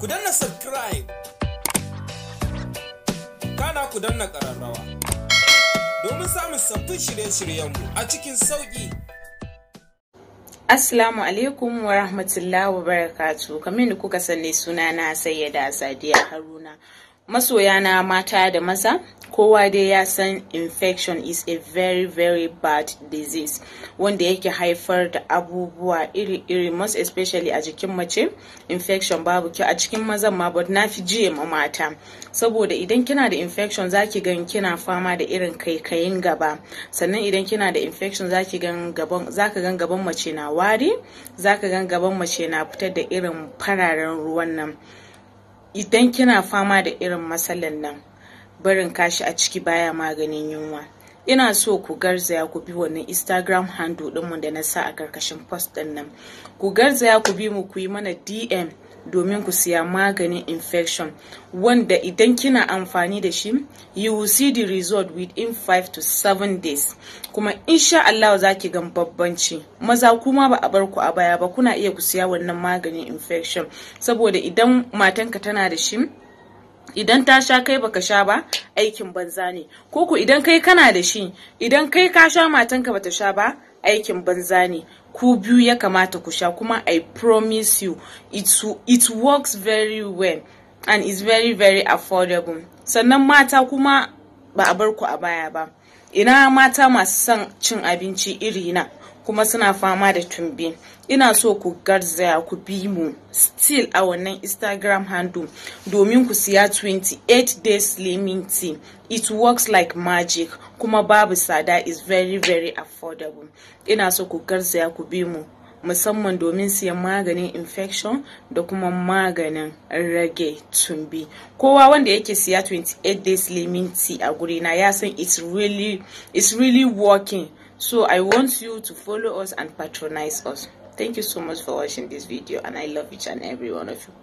ku danna subscribe kana ku danna ƙararrawa domin samun sabbin shirye-shiryenmu a cikin sauƙi Assalamu alaikum wa rahmatullahi wa barakatu kamar da kuka sani sunana sayyada sadiya haruna masoyana mata da maza kowa dai ya san infection is a very very bad disease wanda yake haifar da abubuwa iri-iri most especially a jikin mace infection babu kyau a cikin mazan ma but na fi jiye ma mata saboda idan kina da infection zaki gan kina fama da irin kaikayin gaba sannan idan kina da infection zaki gan gan gaban mace na wari zaka gan gaban mace na fitar da irin fararen ruwan nan idan kina fama da irin matsalan nan barin kashi a ciki baya maganin yunwa ina so ku garzaya ku bi wannan instagram handle ɗinmu da na sa a karkashin post ɗin nan ku garzaya ku bi mu ku yi mana dm domin ku siya maganin infection wanda idan kina amfani da shi you will see the result within 5 to 7 days kuma insha Allah za ki gan babbanci maza kuma ba a bar ku a baya ba kuna iya ku siya wannan maganin infection saboda idan matanka tana da shi idan ta sha kai baka sha ba aikin banza ne ko ku idan kai kana da shi idan kai ka sha matanka bata sha ba aikin banza ne ku biyu ya kamata ku sha kuma i promise you it, it works very well and is very very affordable sannan mata kuma ba a bar ku a baya ba ina mata masu son cin abinci iri na kuma suna fama da tumbi ina so ku garzaya ku bi mu still a wannan instagram handle domin ku siya 28 days team it works like magic kuma babu sada is very very affordable ina so ku garzaya ku bi mu musamman domin siyan maganin infection da kuma maganin rage tumbi kowa wanda yake siya 28 days limiti a gurina ya san it's it's really working so i want you to follow us and patronize us thank you so much for watching this video and i love each and every one of you